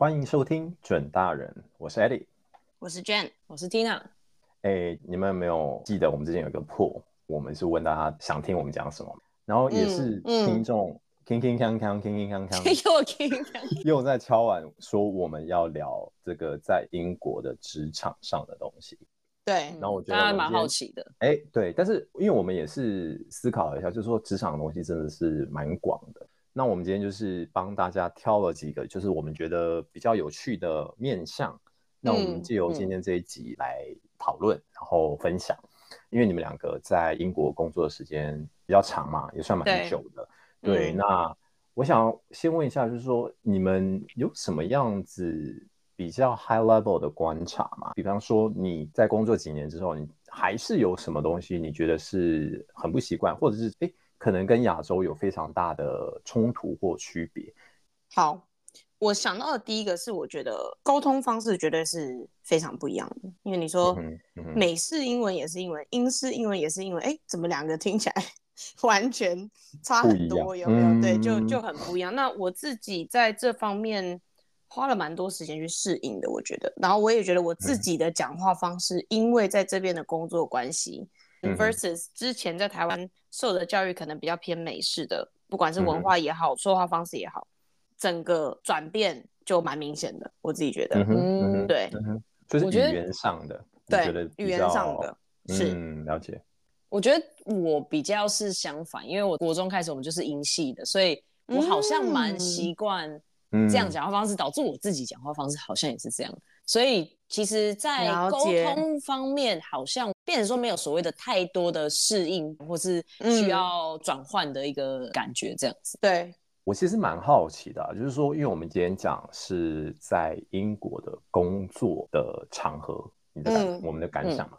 歡迎收聽準大人，我是 Eddie，我是 Jen，我是 Tina。哎，你們有沒有記得我們之前有個 poll？我們是問大家想聽我們講什麼，然後也是聽眾，鏗鏗鏘鏘，鏗鏗鏘鏘，又鏗鏘，又在敲碗說我們要聊這個在英國的職場上的東西。對，然後我覺得大家蠻好奇的。哎，對，但是因為我們也是思考了一下，就是說職場的東西真的是蠻廣的。那我們今天就是幫大家挑了幾個，就是我們覺得比較有趣的面向。嗯、那我們藉由今天這一集來討論，嗯、然後分享。因為你們兩個在英國工作的時間比較長嘛，也算蠻久的。對，對。嗯、那我想先問一下，就是說你們有什麼樣子比較 high level 的觀察嗎？比方說你在工作幾年之後，你還是有什麼東西你覺得是很不習慣，或者是誒可能跟亞洲有非常大的衝突或區別。好，我想到的第一個是，我覺得溝通方式絕對是非常不一樣的。因為你說美式英文也是英文，英式英文也是英文，哎、欸，怎麼兩個聽起來完全差很多？有沒有？嗯、對，就就很不一樣。那我自己在這方面花了蠻多時間去適應的，我覺得。然後我也覺得我自己的講話方式，嗯、因為在這邊的工作的關係。嗯、versus 之前在台灣受的教育可能比較偏美式的，不管是文化也好，嗯、哼說話方式也好，整個轉變就蠻明顯的，我自己覺得，嗯哼對嗯哼，就是語言上的，對，語言上的，是、嗯嗯，了解。我覺得我比較是相反，因為我國中開始我們就是英系的，所以我好像蠻習慣這樣講話方式，導致我自己講話方式好像也是這樣的。所以其實，在溝通方面，好像變成說沒有所謂的太多的適應或是需要轉換的一個感覺，這樣子。嗯、對。我其實蠻好奇的啊，就是說，因為我們今天講是在英國的工作的場合，你的感、嗯、我們的感想嘛，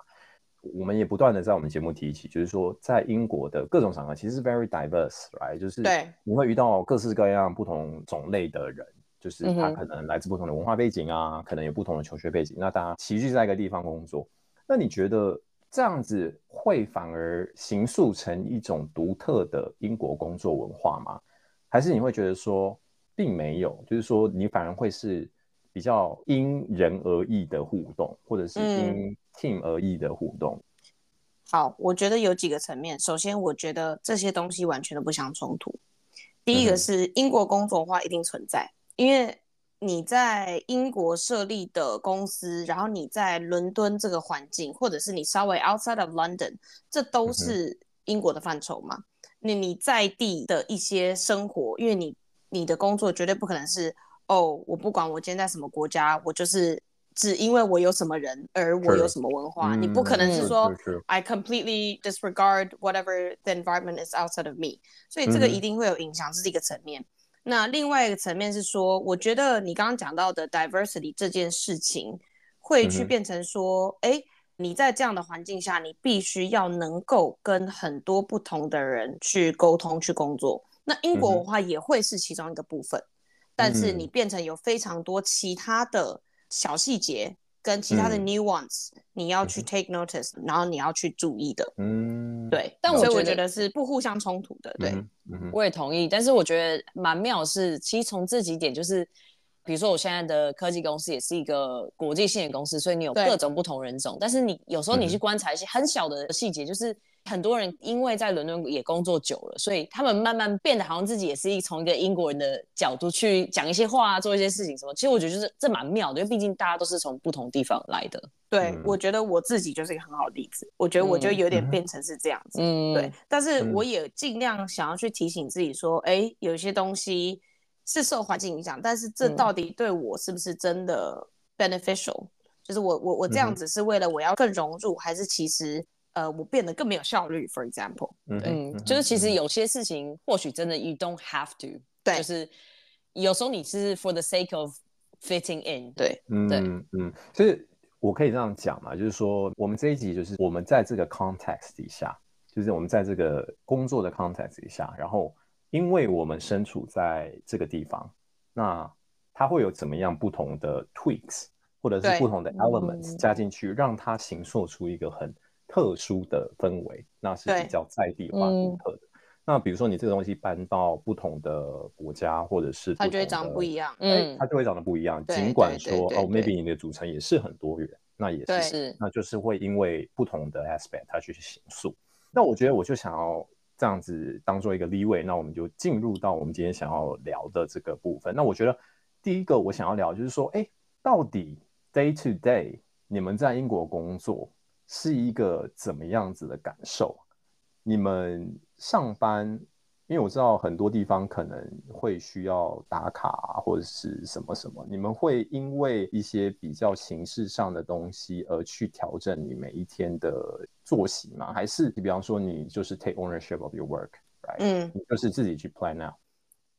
嗯、我們也不斷的在我們節目提起，就是說，在英國的各種場合其實是 very diverse，t、right? 就是你會遇到各式各樣不同種類的人。就是他可能來自不同的文化背景啊，嗯、哼可能有不同的求學背景，那大家齊聚在一個地方工作，那你覺得這樣子會反而形塑成一種獨特的英國工作文化嗎？還是你會覺得說並沒有？就是說你反而會是比較因人而異的互動，或者是因 team 而異的互動、嗯？好，我覺得有幾個層面。首先，我覺得這些東西完全都不相衝突。第一個是英國工作化一定存在。嗯因為你在英國設立的公司，然後你在倫敦這個環境，或者是你稍微 outside of London，這都是英國的範疇嘛。Mm hmm. 你你在地的一些生活，因為你你的工作絕對不可能是哦，我不管我今天在什麼國家，我就是只因為我有什麼人而我有什麼文化，Sure. 你不可能是說，Mm hmm. Sure, sure. I completely disregard whatever the environment is outside of me。所以這個一定會有影響，Mm hmm. 是，這是一個層面。那另外一個層面是說，我覺得你剛剛講到的 diversity 這件事情，會去變成說，哎、嗯哼，你在這樣的環境下，你必須要能夠跟很多不同的人去溝通、去工作。那英國文化也會是其中一個部分，嗯哼，但是你變成有非常多其他的小細節。跟其他的 nuances，嗯，你要去 take notice，嗯哼，然後你要去注意的，嗯，對，但所以我覺得是不互相衝突的，對，嗯嗯，我也同意。但是我覺得蠻妙是，其實從這幾點就是，比如說我現在的科技公司也是一個國際性的公司，所以你有各種不同人種，對，但是你有時候你去觀察一些很小的細節，就是。嗯很多人因為在倫敦也工作久了，所以他們慢慢變得好像自己也是從一個英國人的角度去講一些話啊，做一些事情什麼。其實我覺得就是這蠻妙的，因為畢竟大家都是從不同地方來的。嗯、對，我覺得我自己就是一個很好的例子。我覺得我就有點變成是這樣子，嗯、對。但是我也儘量想要去提醒自己說，哎、嗯欸，有一些東西是受環境影響，但是這到底對我是不是真的 beneficial？、嗯、就是我我我這樣子是為了我要更融入，嗯、還是其實？呃，我變得更沒有效率。For example，嗯，嗯嗯就是其實有些事情、嗯、或許真的 you don't have to，對，就是有時候你是 for the sake of fitting in，對，嗯，嗯對，嗯，所以我可以這樣講嘛，就是說我們這一集就是我們在這個 context 底下，就是我們在這個工作的 context 底下，然後因為我們身處在這個地方，那它會有怎麼樣不同的 tweaks，或者是不同的 elements、嗯、加進去，讓它形塑出一個很。特殊的氛圍，那是比較在地化獨對特的。嗯、那比如說，你這個東西搬到不同的國家或者是不它就會長得不一樣，嗯，欸、它就會長得不一樣。盡、嗯、管說哦、oh,，maybe 你的組成也是很多元，對那也是，對那就是會因為不同的 aspect 它去形塑。是那我覺得我就想要這樣子當做一個 lead in 那我們就進入到我們今天想要聊的這個部分。那我覺得第一個我想要聊就是說，哎、欸，到底 day to day 你們在英國工作？是一個怎麼樣子的感受？你們上班，因為我知道很多地方可能會需要打卡啊，或者是什麼什麼，你們會因為一些比較形式上的東西而去調整你每一天的作息嗎？還是你比方說你就是 take ownership of your work，right? 嗯，就是自己去 plan out。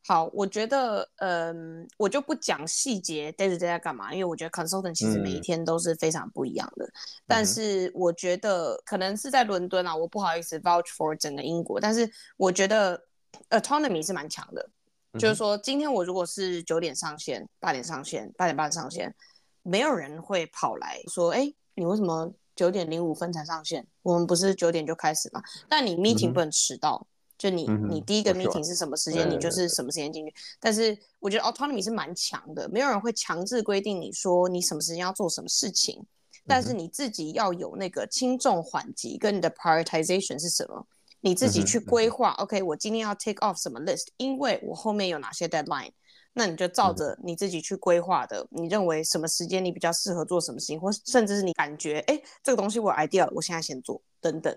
好，我覺得，嗯，我就不講細節，day to day 在幹嘛，因為我覺得 consultant 其實每一天都是非常不一樣的。嗯、但是我覺得可能是在倫敦啊，我不好意思 vouch for 整個英國，但是我覺得 autonomy 是蠻強的，嗯、哼就是說今天我如果是九點上線，八點上線，八點半上線，沒有人會跑來說，哎、欸，你為什麼九點零五分才上線？我們不是九點就開始嗎？但你 meeting 不能遲到。嗯就你，嗯、哼你第一個 meeting 是什麼時間，錯你就是什麼時間進去。對對對對，但是我覺得 autonomy 是蠻強的，沒有人會強制規定你說你什麼時間要做什麼事情，嗯、哼但是你自己要有那個輕重緩急跟你的 prioritization 是什麼，你自己去規劃。嗯、哼 OK，我今天要 take off 什麼 list、嗯、哼因為我後面有哪些 deadline，那你就照着你自己去規劃的，嗯、哼你認為什麼時間你比較適合做什麼事情，或甚至是你感覺，哎、欸，這個東西我有 idea，我現在先做，等等。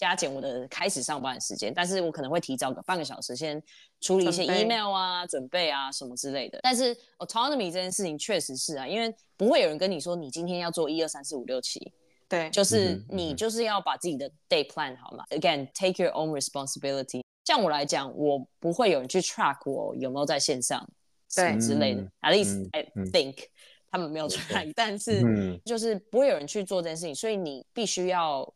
加減我的開始上班的時間，但是我可能會提早個半個小時，先處理一些 email 啊、準備，準備啊什麼之類的。但是 autonomy 這件事情確實是啊，因為不會有人跟你說你今天要做一二三四五六七，對，就是你就是要把自己的 day plan 好嘛。Again, take your own responsibility。像我來講，我不會有人去 track 我有沒有在線上，對什麼之類的。對 At least I think、嗯嗯、他們沒有 track 但是就是不會有人去做這件事情，所以你必須要。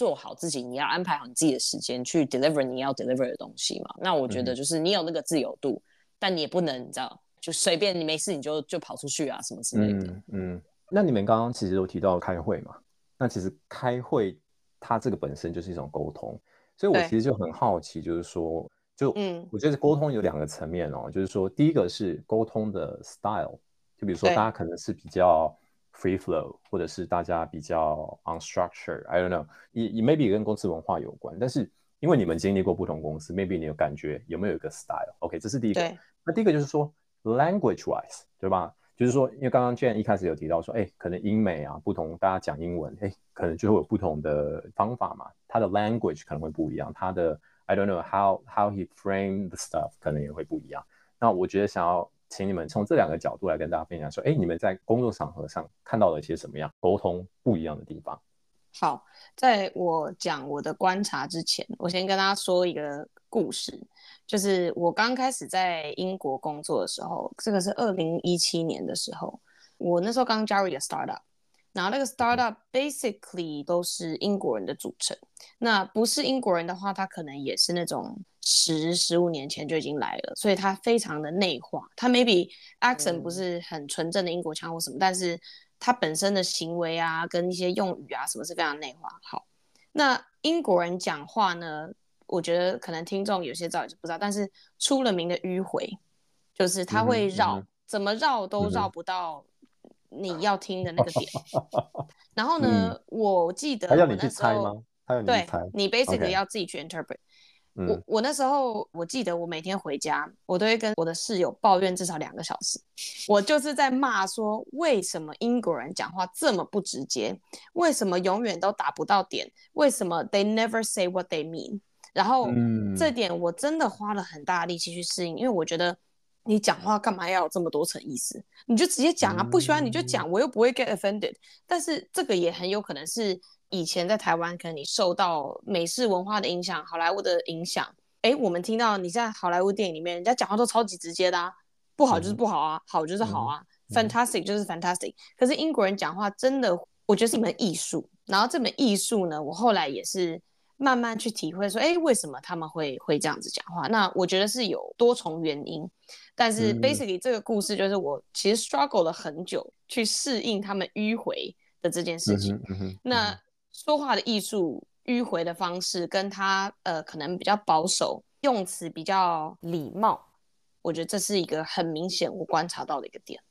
做好自己，你要安排好你自己的時間去 deliver 你要 deliver 的東西嘛。那我覺得就是你有那個自由度，嗯、但你也不能你知道就隨便你沒事你就就跑出去啊什麼之類的。嗯嗯。那你們剛剛其實都提到開會嘛，那其實開會它這個本身就是一種溝通，所以我其實就很好奇，就是說對就嗯，我覺得溝通有兩個層面哦，嗯、就是說第一個是溝通的 style，就比如說大家可能是比較。Free flow，或者是大家比較 unstructured，I don't know，也也 maybe 跟公司文化有關。但是因為你們經歷過不同公司，maybe 你有感覺有沒有一個 style？OK，、okay, 這是第一個。對那第一個就是說 language wise，對吧？就是說，因為剛剛 Jane 一開始有提到說，哎、欸，可能英美啊，不同大家講英文，哎、欸，可能就會有不同的方法嘛。他的 language 可能會不一樣，他的 I don't know how how he frame the stuff 可能也會不一樣。那我覺得想要。請你們從這兩個角度來跟大家分享，說，哎，你們在工作場合上看到了一些什麼樣溝通不一樣的地方？好，在我講我的觀察之前，我先跟大家說一個故事，就是我剛開始在英國工作的時候，這個是二零一七年的時候，我那時候剛加入一個 startup，然後那個 startup basically 都是英國人的組成，那不是英國人的話，他可能也是那種。十十五年前就已經來了，所以他非常的內化。他 maybe accent、嗯、不是很純正的英國腔或什麼，但是他本身的行為啊，跟一些用語啊什麼是非常的內化。好，那英國人講話呢，我覺得可能聽眾有些早也是不知道，但是出了名的迂回，就是他會繞，嗯嗯、怎麼繞都繞不到你要聽的那個點。嗯、然後呢，嗯、我記得我那時候他要你去猜嗎？他要你猜，對，你 basically okay. 要自己去 interpret。嗯、我我那時候我記得我每天回家，我都會跟我的室友抱怨至少兩個小時。我就是在罵說，為什麼英國人講話這麼不直接，為什麼永遠都打不到點，為什麼 they never say what they mean。然後、嗯、這點我真的花了很大力氣去適應，因為我覺得你講話幹嘛要有這麼多層意思？你就直接講啊，不喜歡你就講，嗯、我又不會 get offended。但是這個也很有可能是。以前在台灣，可能你受到美式文化的影響、好萊塢的影響。哎、欸，我們聽到你在好萊塢電影裡面，人家講話都超級直接的，啊。不好就是不好啊，嗯、好就是好啊、嗯嗯，fantastic 就是 fantastic。可是英國人講話真的，我覺得是一門藝術。然後這門藝術呢，我後來也是慢慢去體會，說，哎、欸，為什麼他們會會這樣子講話？那我覺得是有多重原因。但是 basically 這個故事就是我其實 struggle 了很久去適應他們迂回的這件事情。那、嗯說話的藝術，迂迴的方式，跟他呃，可能比較保守，用詞比較禮貌。我覺得這是一個很明顯我觀察到的一個點。嗯、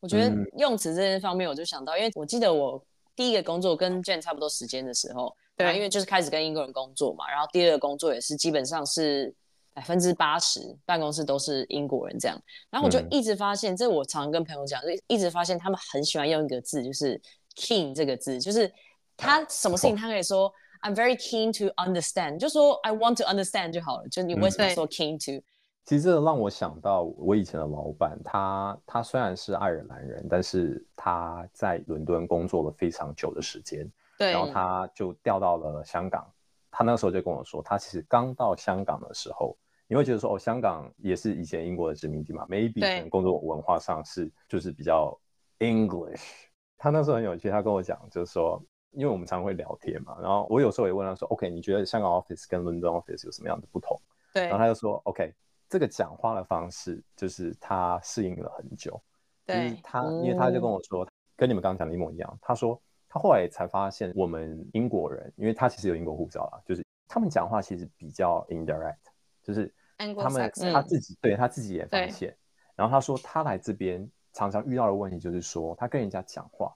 我覺得用詞這些方面，我就想到，因為我記得我第一個工作跟 Jen 差不多時間的時候，對，嗯、因為就是開始跟英國人工作嘛，然後第二個工作也是基本上是百分之八十辦公室都是英國人這樣，然後我就一直發現，嗯、這我常跟朋友講，就一直發現他們很喜歡用一個字，就是 “keen” 這個字，就是。他什麼事情、oh. 他可以說，I'm very keen to understand，就說 I want to understand 就好了。就你為什麼說 keen to？、嗯、其實這讓我想到我以前的老板，他他雖然是愛爾蘭人，但是他在倫敦工作了非常久的時間，對，然後他就調到了香港。他那時候就跟我說，他其實剛到香港的時候，你會覺得說哦，香港也是以前英國的殖民地嘛，maybe 對可能工作文化上是就是比較 English。他那時候很有趣，他跟我講就是說。因為我們常常會聊天嘛，然後我有時候也問他說：“OK，你覺得香港 office 跟倫敦 office 有什麼樣的不同？”對，然後他就說：“OK，這個講話的方式就是他適應了很久。”對，他、嗯、因為他就跟我說，跟你們剛剛講的一模一樣。他說他後來才發現，我們英國人，因為他其實有英國護照啦，就是他們講話其實比較 indirect，就是他們 on, 他自己、嗯、對他自己也發現。對然後他說他來這邊常常遇到的問題就是說，他跟人家講話，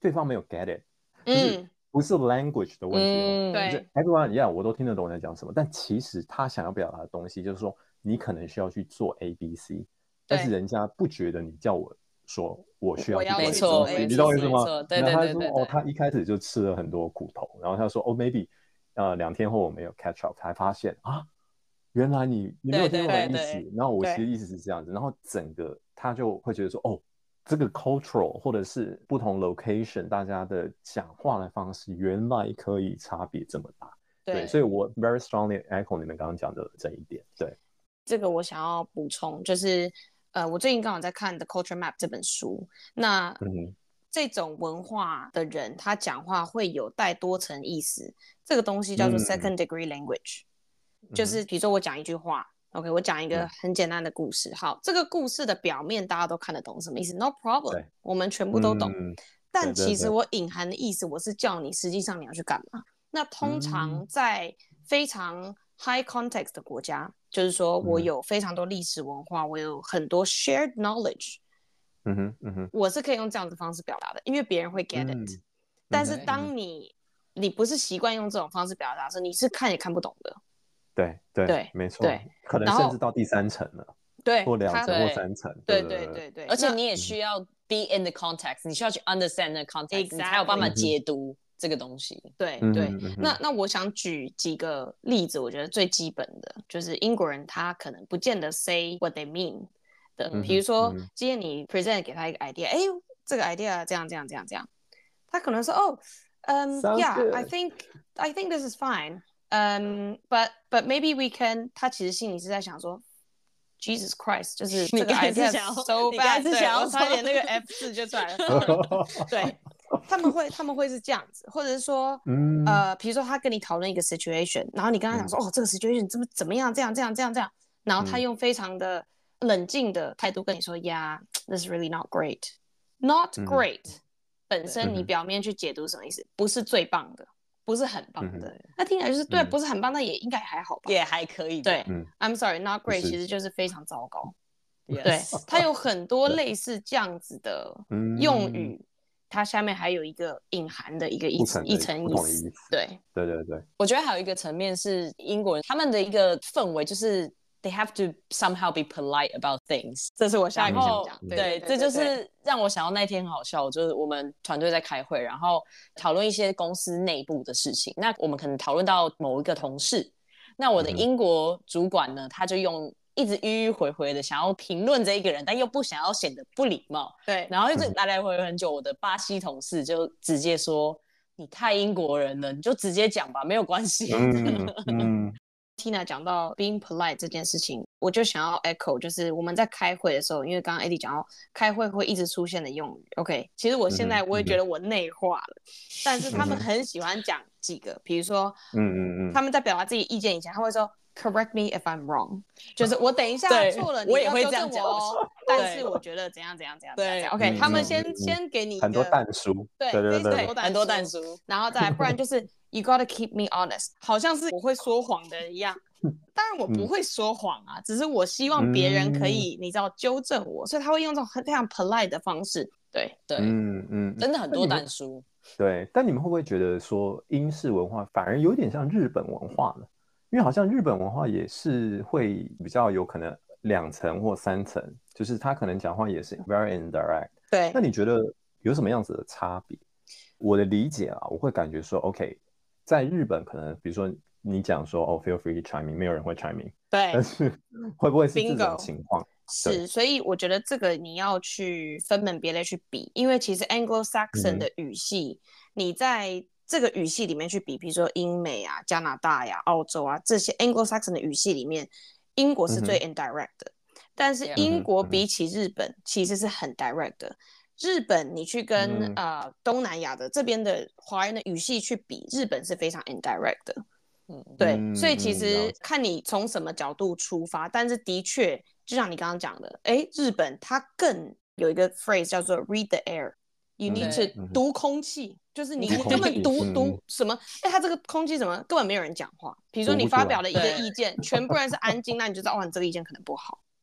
對方沒有 get it。 就是不是 language 的問題，嗯、對，就是 everyone 一樣，我都聽得懂我在講什麼。但其實他想要表達的東西，就是說你可能需要去做 ABC，對、B、C，但是人家不覺得你叫我說我需要 ABC。你懂我意思嗎？對，對，對，對，對，然後他說哦，他一開始就吃了很多苦頭。然後他說哦，maybe，呃，兩天後我沒有 catch up，才發現啊，原來你你沒有聽懂我的意思。對對對對，然後我其實意思是這樣子。對然後整個他就會覺得說哦。這個 cultural 或者是不同 location 大家的講話的方式，原來可以差別這麼大。對，對，所以我 very strongly echo 你們剛剛講的這一點。對，這個我想要補充，就是呃，我最近剛好在看《The Culture Map》這本書。那、嗯、哼這種文化的人，他講話會有帶多層意思，這個東西叫做 second degree language，、嗯、就是比如說我講一句話。嗯 OK，我講一個很簡單的故事。嗯、好，這個故事的表面大家都看得懂什麼意思？No problem，對我們全部都懂。嗯、但其實我隱含的意思，我是叫你，實際上你要去幹嘛？對對對，那通常在非常 high context 的國家，嗯、就是說我有非常多歷史文化，嗯、我有很多 shared knowledge。嗯哼，嗯哼，我是可以用這樣子方式表達的，因為別人會 get it、嗯。但是當你、嗯、你不是習慣用這種方式表達的時候，你是看也看不懂的。對對對，沒錯，對，可能甚至到第三層了，對，或兩層、或三層，對對對對，而且你也需要 be in the context，你需要去 understand the context，你才有辦法解讀這個東西。對對，那那我想舉幾個例子，我覺得最基本的就是英國人他可能不見得 say what they mean 的，比如說今天你 present 給他一個 idea，哎，這個 idea 這樣這樣這樣這樣，他可能說，哦，嗯，yeah，I think I think this is fine。嗯、um,，but but maybe we can。他其實心裡是在想說，Jesus Christ，就是這個你該還是想要，so bad, 你該還是想要說對差點那個 F 字就算了。 對，他們會他們會是這樣子，或者是說，嗯，呃，比如說他跟你討論一個 situation，然後你跟他講說，嗯、哦，這個 situation 怎麼怎麼樣，這樣這樣這樣這樣，然後他用非常的冷靜的態度跟你說、嗯、，Yeah，this is really not great，not great。本身你表面去解讀什麼意思？不是最棒的。不是很棒的，那聽起來就是對，不是很棒，那也應該還好吧，也還可以。對，I'm sorry, not great，其實就是非常糟糕。對，它有很多類似這樣子的用語，它下面還有一個隱含的一個意思，一層意思。對對對對，我覺得還有一個層面是英國人，他們的一個氛圍，就是。They have to somehow be polite about things 後。這是我下一個想講，對，對，這就是讓我想到那天很好笑，就是我們團隊在開會，然後討論一些公司內部的事情。那我們可能討論到某一個同事，那我的英國主管呢，他就用一直迂迂迴迴的想要評論這一個人，但又不想要顯得不禮貌。對，然後一直來來回回很久，我的巴西同事就直接說：“嗯、你太英國人了，你就直接講吧，沒有關係。嗯”嗯 Tina 講到 being polite 這件事情，我就想要 echo，就是我們在開會的時候，因為剛剛 Eddie 講到開會會一直出現的用語，OK，其實我現在我也覺得我內化了，但是他們很喜歡講幾個，比如說，嗯嗯嗯，他們在表達自己意見以前，他會說 correct me if I'm wrong，就是我等一下錯了，我也會這樣講哦，但是我覺得怎樣怎樣怎樣，對，OK，他們先先給你很多但書，對對對，很多但書，然後再不然就是。You gotta keep me honest，好像是我會說謊的一樣，當然我不會說謊啊，嗯、只是我希望別人可以，嗯、你知道糾正我，所以他會用這種很非常 polite 的方式。對對，嗯嗯，嗯真的很多但書。對，但你們會不會覺得說英式文化反而有點像日本文化呢？因為好像日本文化也是會比較有可能兩層或三層，就是他可能講話也是 very indirect。對，那你覺得有什麼樣子的差別？我的理解啊，我會感覺說 OK。在日本，可能比如說你講說哦，feel free chime in 沒有人會 chime in 對，但是會不會是這種情況？Bingo。對。是，所以我覺得這個你要去分門別類去比，因為其實 Anglo-Saxon 的語系，嗯哼。你在這個語系裡面去比，比如說英美啊、加拿大呀、啊、澳洲啊這些 Anglo-Saxon 的語系裡面，英國是最 indirect 的，嗯哼。但是英國比起日本、嗯哼。其實是很 direct 的。日本，你去跟呃東南亞的這邊的華人的語系去比，日本是非常 indirect 的，嗯，對，所以其實看你從什麼角度出發，但是的確，就像你剛剛講的，哎，日本它更有一個 phrase 叫做 read the air，you need to 讀空氣，就是你根本讀讀什麼，哎，它這個空氣怎麼根本沒有人講話？比如說你發表了一個意見，全部人是安靜，那你就知道哦，你這個意見可能不好。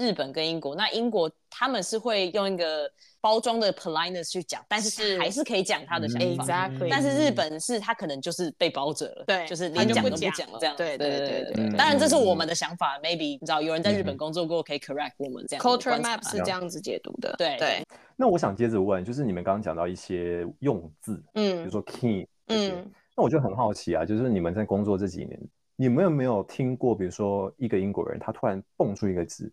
日本跟英國，那英國他們是會用一個包裝的 politeness 去講，但是還是可以講他的想法。是嗯、但是日本是他可能就是被包着了，對，就是連講都不講了，不了這樣。對對對對。當然、嗯、這是我們的想法、嗯、，maybe 你知道有人在日本工作過可以 correct 我們這樣。嗯、對 Culture map 是這樣子解讀的。對對。對那我想接着問，就是你們剛剛講到一些用字，嗯，比如說 key，、就是、嗯，那我就很好奇啊，就是你們在工作這幾年，你們有沒有聽過，比如說一個英國人他突然蹦出一個字？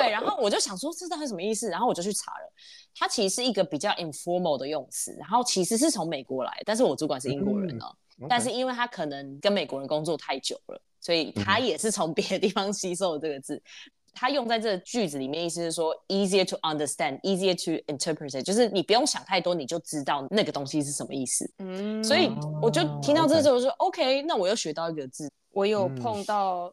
對，然後我就想說，這到底是什麼意思，然後我就去查了，它其實是一個比較 informal 的用詞，然後其實是從美國來，但是我主管是英國人哦、啊，嗯嗯 okay、但是因為他可能跟美國人工作太久了，所以他也是從別的地方吸收了這個字，嗯、他用在這個句子裡面，意思是說 easier to understand，easier to interpret，就是你不用想太多，你就知道那個東西是什麼意思。嗯，所以我就聽到這之後，我說、嗯、okay，OK，那我又學到一個字，我有碰到、嗯。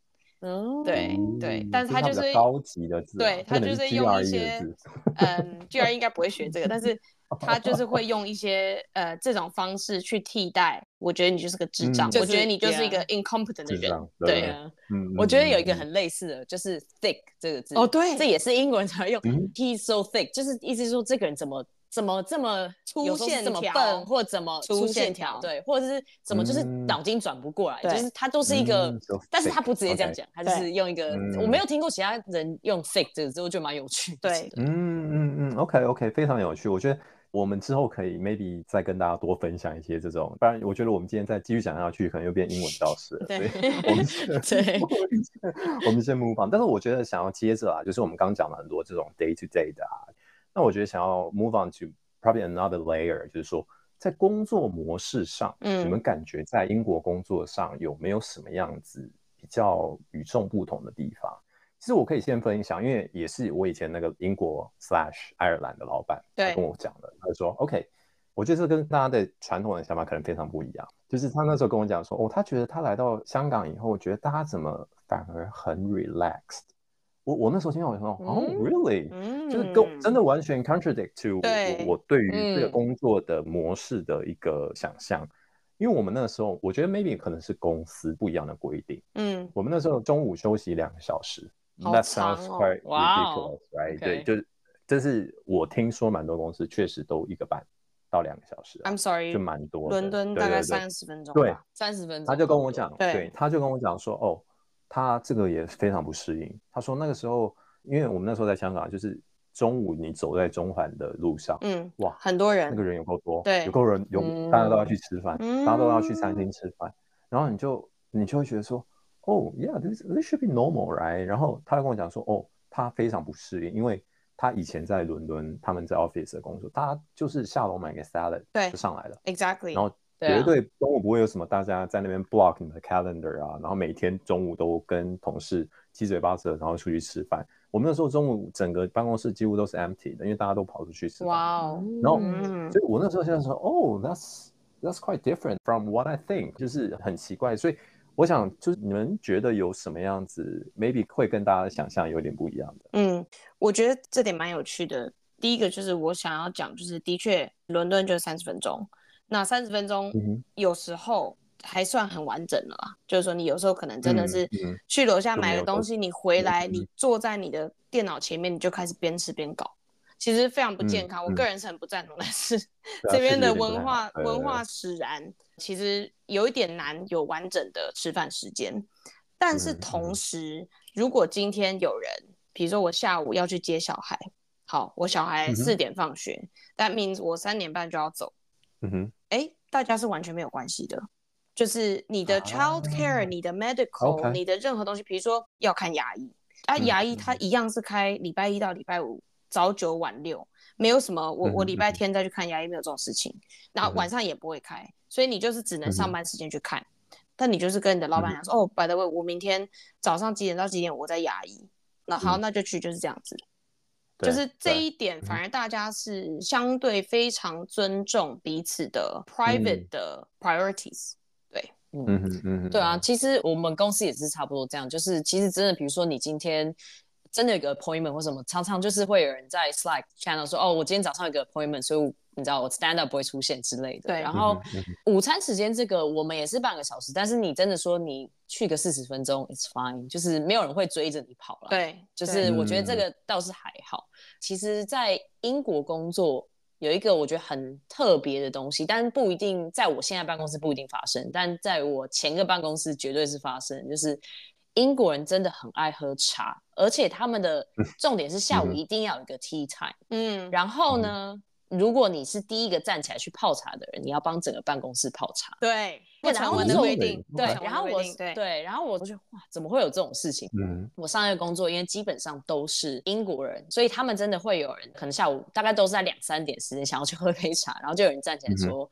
嗯，對對，但是他就是高級的字，對，他就是用一些，嗯，GRE 應該不會學這個，但是他就是會用一些呃這種方式去替代。我覺得你就是個智障，我覺得你就是一個 incompetent 的人。對啊，我覺得有一個很類似的就是 thick 這個字。哦，對，這也是英國人常用，He's so thick，就是意思是說這個人怎麼。怎麼這麼粗線條，怎麼笨，或怎麼粗線條？對，或者是怎麼就是腦筋轉不過來，就是它都是一個，但是它不直接這樣講，它就是用一個。我沒有聽過其他人用 fake 這個，之後就蠻有趣。對，嗯嗯嗯，OK OK，非常有趣。我覺得我們之後可以 maybe 再跟大家多分享一些這種。不然，我覺得我們今天再繼續講下去，可能又變英文導師了。對，我們先我們先模仿。但是我覺得想要接着啊，就是我們剛剛講了很多這種 day to day 的啊。那我覺得想要 move on to probably another layer，就是說在工作模式上，嗯，你們感覺在英國工作上有沒有什麼樣子比較與眾不同的地方？其實我可以先分享，因為也是我以前那個英國 slash 愛爾蘭的老闆跟我講的，對他說 OK，我覺得這跟大家的傳統的想法可能非常不一樣，就是他那時候跟我講說，哦，他覺得他來到香港以後，覺得大家怎麼反而很 relaxed。我我那時候聽到我說哦，really，就是跟真的完全 contradict to 我我對於這個工作的模式的一個想象，因為我們那時候我覺得 maybe 可能是公司不一樣的規定，嗯，我們那時候中午休息兩個小時，That sounds quite ridiculous，right？對，就是這是我聽說蠻多公司確實都一個半到兩個小時，I'm sorry，就蠻多的，倫敦大概三十分鐘，對，三十分鐘，他就跟我講，對，他就跟我講說哦。他這個也非常不適應。他說那個時候，因為我們那時候在香港，就是中午你走在中環的路上，嗯，哇，很多人，那個人有夠多，對，有夠人有，有、嗯、大家都要去吃飯，嗯、大家都要去餐廳吃飯，嗯、然後你就你就會覺得說，哦、oh，yeah，this this should be normal，right？然後他就跟我講說，哦，他非常不適應，因為他以前在倫敦，他們在 office 的工作，他就是下樓買個 salad，對，就上來了，exactly，對然後。絕對中午不會有什麼，大家在那邊 block 你的 calendar 啊，然後每天中午都跟同事七嘴八舌，然後出去吃飯。我們那時候中午整個辦公室幾乎都是 empty 的，因為大家都跑出去吃。哇哦！然後，嗯、所以我那時候現在說哦、oh, that's that's quite different from what I think，就是很奇怪。所以我想，就是你們覺得有什麼樣子，maybe 會跟大家想象有點不一樣的？嗯，我覺得這點蠻有趣的。第一個就是我想要講，就是的確，倫敦就三十分鐘。那三十分鐘有時候還算很完整了，就是說你有時候可能真的是去樓下買個東西，你回來你坐在你的電腦前面，你就開始邊吃邊搞，其實非常不健康。我個人是很不贊同的，是這邊的文化文化使然，其實有一點難有完整的吃飯時間。但是同時，如果今天有人，比如說我下午要去接小孩，好，我小孩四點放學，但明我三點半就要走，嗯哼。哎，大家是完全沒有關係的，就是你的 childcare、啊、你的 medical okay、你的任何東西，比如說要看牙醫啊，牙醫他一樣是開禮拜一到禮拜五早九晚六，沒有什麼，我我禮拜天再去看牙醫 沒有這種事情，那晚上也不會開，所以你就是只能上班時間去看， 但你就是跟你的老闆講說， 哦，by the way，我明天早上幾點到幾點我在牙醫，那 好，那就去，就是這樣子。就是這一點，反而大家是相對非常尊重彼此的 private 的 priorities，對，嗯嗯嗯，對啊，其實我們公司也是差不多這樣，就是其實真的，比如說你今天。真的有個 appointment 或什麼，常常就是會有人在 Slack channel 說，哦，我今天早上有個 appointment，所以你知道我 stand up 不會出現之類的。對。然後 午餐時間這個我們也是半個小時，但是你真的說你去個四十分鐘，it's fine，就是沒有人會追着你跑了。對。就是我覺得這個倒是還好。對嗯、其實，在英國工作有一個我覺得很特別的東西，但不一定在我現在辦公室不一定發生，嗯、但在我前個辦公室絕對是發生，就是。英國人真的很愛喝茶，而且他們的重點是下午一定要有一個 tea time。嗯，然後呢，如果你是第一個站起來去泡茶的人，你要幫整個辦公室泡茶。對，不成文的規定。對，然後我對，然後我就覺得哇，怎麼會有這種事情？我上一個工作，因為基本上都是英國人，所以他們真的會有人，可能下午大概都是在兩三點時間想要去喝杯茶，然後就有人站起來說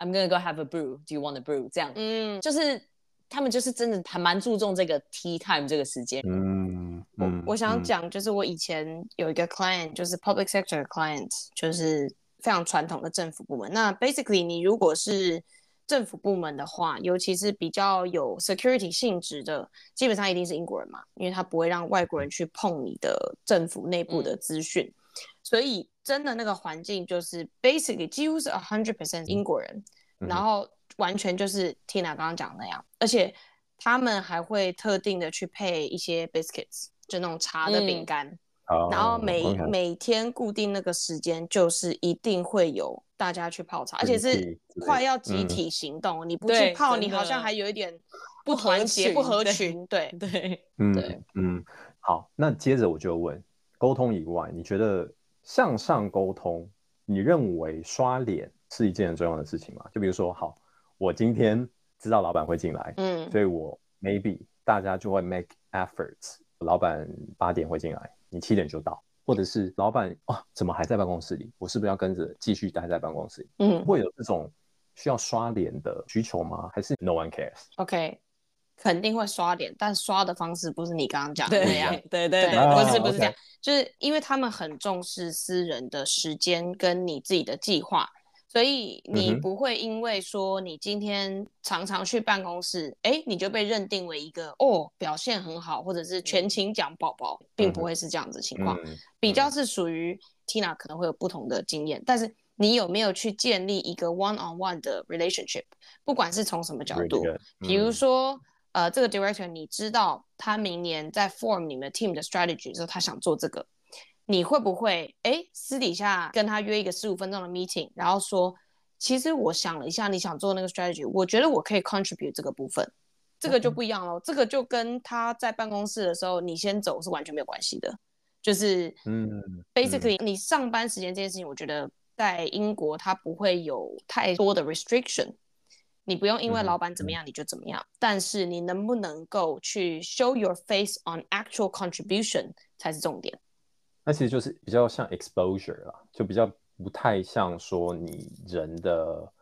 ：“I'm gonna go have a brew. Do you want a brew？” 這樣，嗯，就是。他們就是真的還蠻注重這個 tea time 這個時間，嗯。嗯，我，我想講就是我以前有一個 client，嗯、就是 public sector client，就是非常傳統的政府部門。嗯、那 basically 你如果是政府部門的話，尤其是比較有 security 性質的，基本上一定是英國人嘛，因為他不會讓外國人去碰你的政府內部的資訊。嗯、所以真的那個環境就是 basically 幾乎是 a hundred percent 英國人，嗯、然後。完全就是 Tina 剛剛講的那樣，而且他們還會特定的去配一些 biscuits，就那種茶的餅乾。嗯、然後每、嗯 okay. 每天固定那個時間，就是一定會有大家去泡茶，而且是快要集體行動，你不去泡，嗯、你好像還有一點不團結、不合群。對對。對對對嗯嗯，好，那接着我就問，溝通以外，你覺得向上溝通，你認為刷臉是一件很重要的事情嗎？就比如說，好。我今天知道老闆會進來，嗯，所以我 maybe 大家就會 make efforts。老闆八點會進來，你七點就到，或者是老闆哦，怎麼還在辦公室裡？我是不是要跟着繼續待在辦公室裡？嗯，會有這種需要刷臉的需求嗎？還是 no one cares？OK，肯定會刷臉，但刷的方式不是你剛剛講的那樣，對對，對對對對不是不是這樣，okay. 就是因為他們很重視私人的時間跟你自己的計劃。所以你不會因為說你今天常常去辦公室，哎、mm hmm.，你就被認定為一個哦表現很好，或者是全勤獎寶寶，mm hmm. 並不會是這樣子情況。Mm hmm. 比較是屬於 Tina 可能會有不同的經驗，mm hmm. 但是你有沒有去建立一個 one on one 的 relationship？不管是從什麼角度，really mm hmm. 比如說呃這個 director，你知道他明年在 form 你們 team 的 strategy 之後，他想做這個。你會不會，誒，私底下跟他約一個十五分鐘的 meeting，然後說，其實我想了一下，你想做那個 strategy，我覺得我可以 contribute 這個部分，這個就不一樣了。嗯、這個就跟他在辦公室的時候你先走是完全沒有關係的，就是 basically，嗯，basically、嗯、你上班時間這件事情，我覺得在英國他不會有太多的 restriction，你不用因為老板怎麼樣你就怎麼樣，嗯、但是你能不能夠去 show your face on actual contribution 才是重點。那其實就是比較像 exposure 啦，就比較不太像說你人的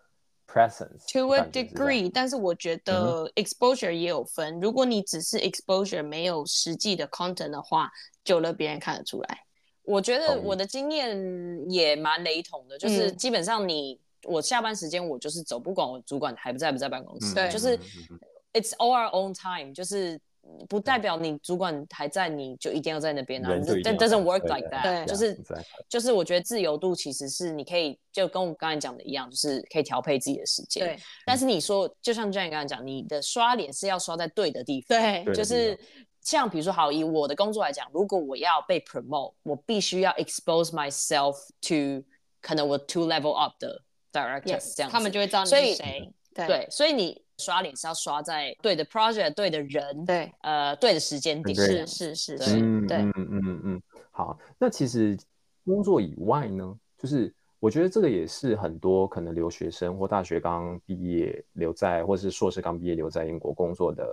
presence。To a degree，但是我覺得 exposure 也有分。嗯、哼如果你只是 exposure 沒有實際的 content 的話，久了別人看得出來。我覺得我的經驗也蠻雷同的，oh. 就是基本上你我下班時間我就是走不，不管我主管還不在還不在辦公室，嗯、哼就是、嗯、哼 it's all our own time，就是。不代表你主管還在，你就一定要在那邊啊。但 doesn't work like that，對，就是就是，我覺得自由度其實是你可以就跟我剛才講的一樣，就是可以調配自己的時間。對。但是你說，嗯、就像 Jen 剛才講，你的刷臉是要刷在對的地方。對。就是像比如說，好，以我的工作來講，如果我要被 promote，我必須要 expose myself to 可能我 to level up 的 directors，yes, 這樣他們就會知道你是誰。所以對，對，所以你刷臉是要刷在對的 project、對的人，對，呃，對的時間點 Okay。是是是是，對，嗯對嗯嗯，嗯，好。那其實工作以外呢，就是我覺得這個也是很多可能留學生或大學剛畢業留在，或是碩士剛畢業留在英國工作的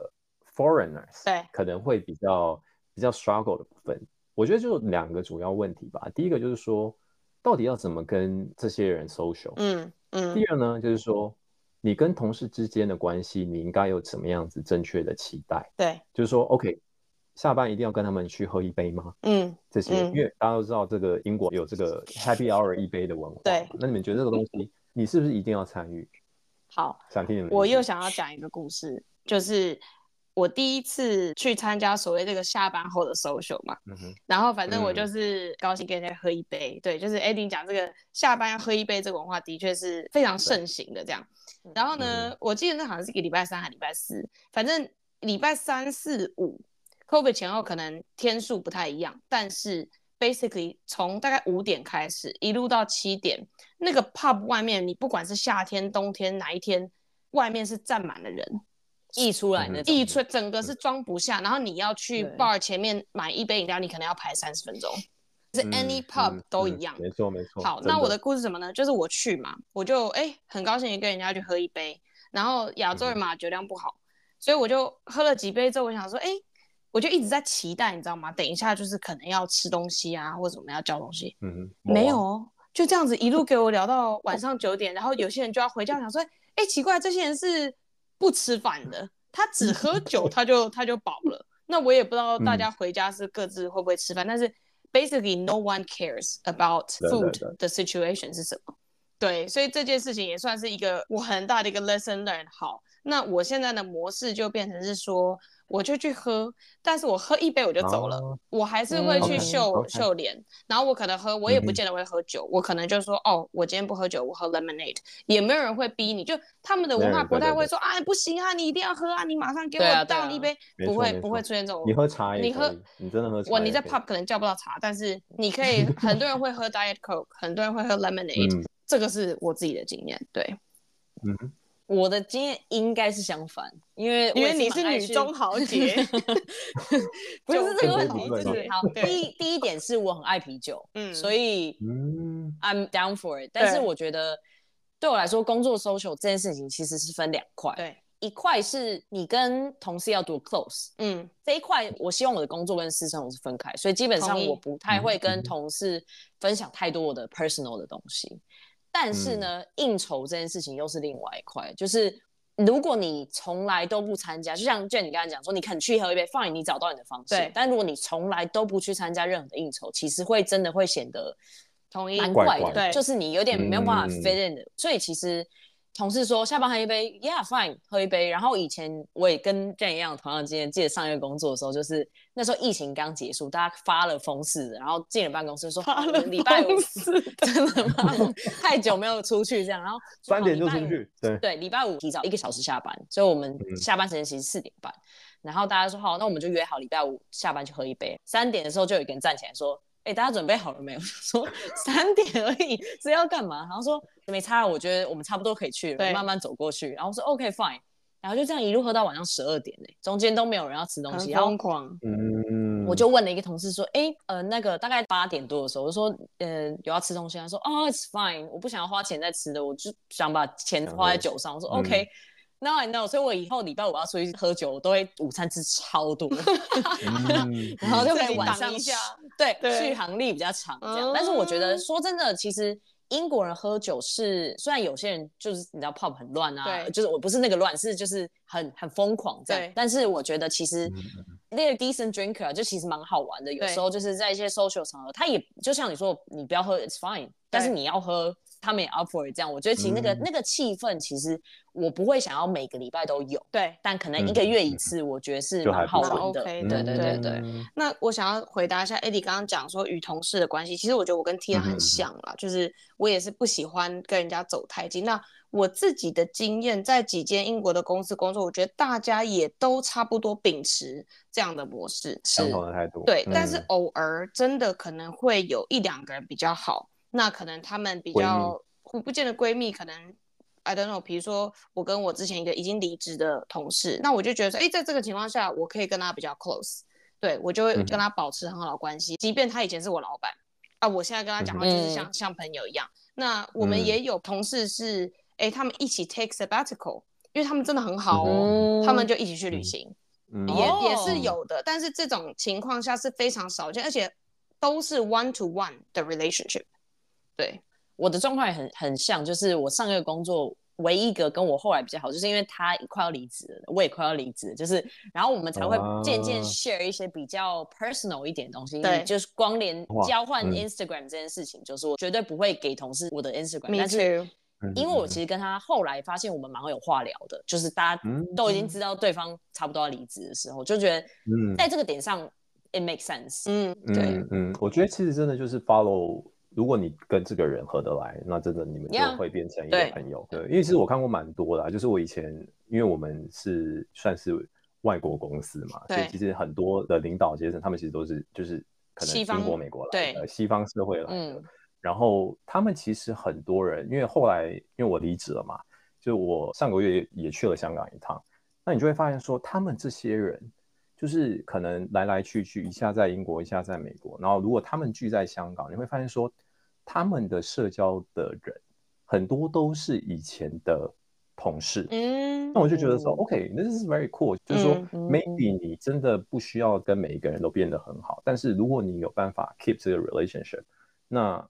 foreigners，對，可能會比較比較 struggle 的部分。我覺得就兩個主要問題吧。第一個就是說，到底要怎麼跟這些人 social？嗯嗯。嗯第二呢，就是說。你跟同事之間的關係，你應該有什麼樣子正確的期待？對，就是說，OK，下班一定要跟他們去喝一杯嗎？嗯，這些，嗯、因為大家都知道這個英國有這個 Happy Hour 一杯的文化。對，那你們覺得這個東西，嗯、你是不是一定要參與？好，想聽你們。我又想要講一個故事，噓就是。我第一次去參加所謂這個下班後的 social 嘛，嗯、哼然後反正我就是高興跟人家喝一杯，嗯、哼對，就是艾丁講這個下班要喝一杯這個文化的確是非常盛行的這樣。對然後呢，嗯、哼我記得那好像是一個禮拜三還是禮拜四，反正禮拜三四五，COVID 前後可能天數不太一樣，但是 basically 從大概五點開始一路到七點，那個 pub 外面你不管是夏天冬天哪一天，外面是站滿了人。溢出來的，溢出整個是裝不下，然後你要去 bar 前面買一杯飲料，你可能要排三十分鐘，是 any pub 都一樣。沒錯沒錯。好，那我的故事是什麼呢？就是我去嘛，我就哎很高興也跟人家去喝一杯，然後亞洲人嘛，酒量不好，所以我就喝了幾杯之後，我想說哎，我就一直在期待，你知道嗎？等一下就是可能要吃東西啊，或者什麼要叫東西，嗯，沒有，就這樣子一路給我聊到晚上九點，然後有些人就要回家，想說哎奇怪，這些人是。不吃飯的，他只喝酒， 他就他就飽了。那我也不知道大家回家是各自會不會吃飯，嗯、但是 basically no one cares about food 的 situation 是什麼？對，所以這件事情也算是一個我很大的一個 lesson learned。Le arn, 好，那我現在的模式就變成是說。我就去喝，但是我喝一杯我就走了，我還是會去秀秀臉。然後我可能喝，我也不見得會喝酒，我可能就說哦，我今天不喝酒，我喝 lemonade。也沒有人會逼你，就他們的文化不太會說啊，不行啊，你一定要喝啊，你馬上給我倒一杯。不會，不會出現這種。你喝茶？你喝，你真的喝茶？我你在 pub 可能叫不到茶，但是你可以，很多人會喝 Diet Coke，很多人會喝 lemonade。這個是我自己的經驗，對。嗯我的經驗應該是相反，因為因為你是女中豪傑，不是這個問題。好，第一第一點是我很愛啤酒，嗯，所以 I'm down for it。但是我覺得對我來說，工作 social 這件事情其實是分兩塊，對，一塊是你跟同事要多 close，嗯，這一塊我希望我的工作跟私生活是分開，所以基本上我不太會跟同事分享太多我的 personal 的東西。但是呢，嗯、應酬這件事情又是另外一塊，就是如果你從來都不參加，就像 Jen 你剛才講說，你肯去喝一杯，fine，你找到你的方式。對但如果你從來都不去參加任何的應酬，其實會真的會顯得，蠻怪的。對就是你有點沒有辦法 fit in 的，嗯、所以其實。同事說下班喝一杯，Yeah fine，喝一杯。然後以前我也跟 Jen 一樣，同樣今天記得上一個工作的時候，就是那時候疫情剛結束，大家發了瘋似的，然後進了辦公室說，發了瘋似的哦、禮拜五真的嗎？ 太久沒有出去這樣，然後三點就出去，哦、對對，禮拜五提早一個小時下班，所以我們下班時間其實四點半，嗯、然後大家說好、哦，那我們就約好禮拜五下班去喝一杯，三點的時候就有一個人站起來說。哎、欸，大家準備好了沒有？我說三點而已，這要幹嘛？然後說沒差，我覺得我們差不多可以去了，對慢慢走過去。然後我說 OK fine，然後就這樣一路喝到晚上十二點呢、欸，中間都沒有人要吃東西，很瘋狂。嗯，我就問了一個同事說，哎、嗯欸，呃，那個大概八點多的時候，我說，呃，有要吃東西，他說，哦，It's fine，我不想要花錢在吃的，我就想把錢花在酒上。我說 OK。嗯 No，I know，所以我以後禮拜五要出去喝酒，我都會午餐吃超多， 然後就可以晚上一下對，對，續航力比較長。這樣，嗯、但是我覺得說真的，其實英國人喝酒是，雖然有些人就是你知道泡很亂啊，對，就是我不是那個亂，是就是很很瘋狂這樣。對但是我覺得其實那個 decent drinker 就其實蠻好玩的，有時候就是在一些 social 場合，他也就像你說，你不要喝，it's fine， 對但是你要喝。他們也 offer 這樣，我覺得其實那個、嗯、那個氣氛，其實我不會想要每個禮拜都有，對，但可能一個月一次，我覺得是蠻好玩的。對，對對對對。嗯、那我想要回答一下 Eddie、欸、剛剛講說與同事的關係，其實我覺得我跟 Tina 很像啦，嗯、就是我也是不喜歡跟人家走太近。嗯、那我自己的經驗，在幾間英國的公司工作，我覺得大家也都差不多秉持這樣的模式，相同的太多。對，嗯、但是偶爾真的可能會有一兩個人比較好。那可能他們比較互蜜不見得閨蜜，可能 I don't know，比如說我跟我之前一個已經離職的同事，那我就覺得說，哎，在這個情況下，我可以跟他比較 close，對我就會跟他保持很好的關係，嗯、哼即便他以前是我老闆啊，我現在跟他講話就是像、嗯、哼像朋友一樣。那我們也有同事是，哎，他們一起 take sabbatical，因為他們真的很好哦，嗯、哼他們就一起去旅行，嗯、哼也也是有的，但是這種情況下是非常少見，而且都是 one to one 的 relationship。對我的狀況也很很像，就是我上一個工作唯一一個跟我後來比較好，就是因為他快要離職了，我也快要離職，就是然後我們才會漸漸 share 一些比較 personal 一點東西。對哇，就是光連交換 Instagram 這件事情，嗯、就是我絕對不會給同事我的 Instagram。Me too. 因為我其實跟他後來發現我們蠻有話聊的，就是大家都已經知道對方差不多要離職的時候，就覺得在這個點上、嗯、it makes sense。嗯，對嗯，嗯，我覺得其實真的就是 follow。如果你跟這個人合得來，那真的你們就會變成一個朋友。Yeah, 對，對因為其實我看過蠻多的、啊，就是我以前，嗯、因為我們是算是外國公司嘛，對所以其實很多的領導階層，他們其實都是就是可能英國、美國了，呃方，西方社會了。對然後他們其實很多人，因為後來因為我離職了嘛，就我上個月也去了香港一趟，那你就會發現說他們這些人。就是可能來來去去，一下在英國，一下在美國，然後如果他們聚在香港，你會發現說他們的社交的人很多都是以前的同事。嗯，那我就覺得說，OK，this，嗯，okay, is very cool，嗯，就是說，嗯，maybe 你真的不需要跟每一個人都變得很好，但是如果你有辦法 keep 這個 relationship，那。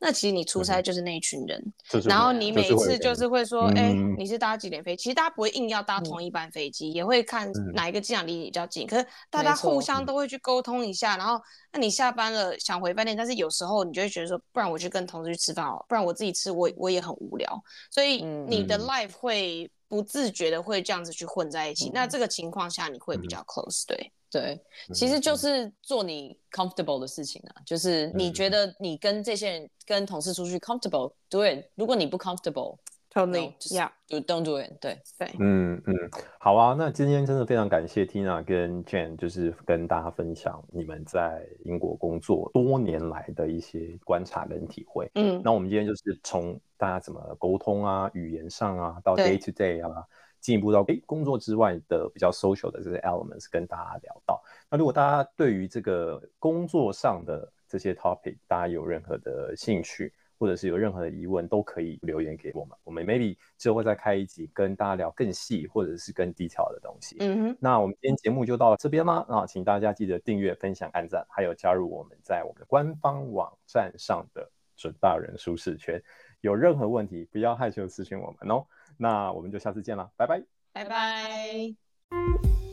那其實你出差就是那一群人，嗯、然後你每次就是會說，哎，你是搭幾點飛機？嗯、其實大家不會硬要搭同一班飛機，嗯、也會看哪一個機場離你比較近。嗯、可是大家互相都會去溝通一下，沒錯、然後那你下班了想回飯店，但是有時候你就會覺得說，嗯、不然我去跟同事去吃飯哦，不然我自己吃，我我也很無聊。所以你的 life 會。不自覺的會這樣子去混在一起，嗯、那這個情況下你會比較 close、嗯、對對，其實就是做你 comfortable 的事情啊，嗯、就是你覺得你跟這些人、嗯、跟同事出去 comfortable，對，如果你不 comfortable。Tony 就是對嗯嗯，好啊，那今天真的非常感謝 Tina 跟 Jen，就是跟大家分享你們在英國工作多年來的一些觀察跟體會。嗯，那我們今天就是從大家怎麼溝通啊，語言上啊，到 day to day 啊，對進一步到工作之外的比較 social 的這些 elements 跟大家聊到。那如果大家對於這個工作上的這些 topic，大家有任何的興趣，或者是有任何的疑問都可以留言給我們，我們 maybe 之後會再開一集跟大家聊更細或者是更低調的東西。嗯哼，那我們今天節目就到這邊啦。那請大家記得訂閱、分享、按讚，還有加入我們在我們的官方網站上的準大人舒適圈。有任何問題不要害羞私訊我們哦。那我們就下次見啦，拜，拜拜，拜拜。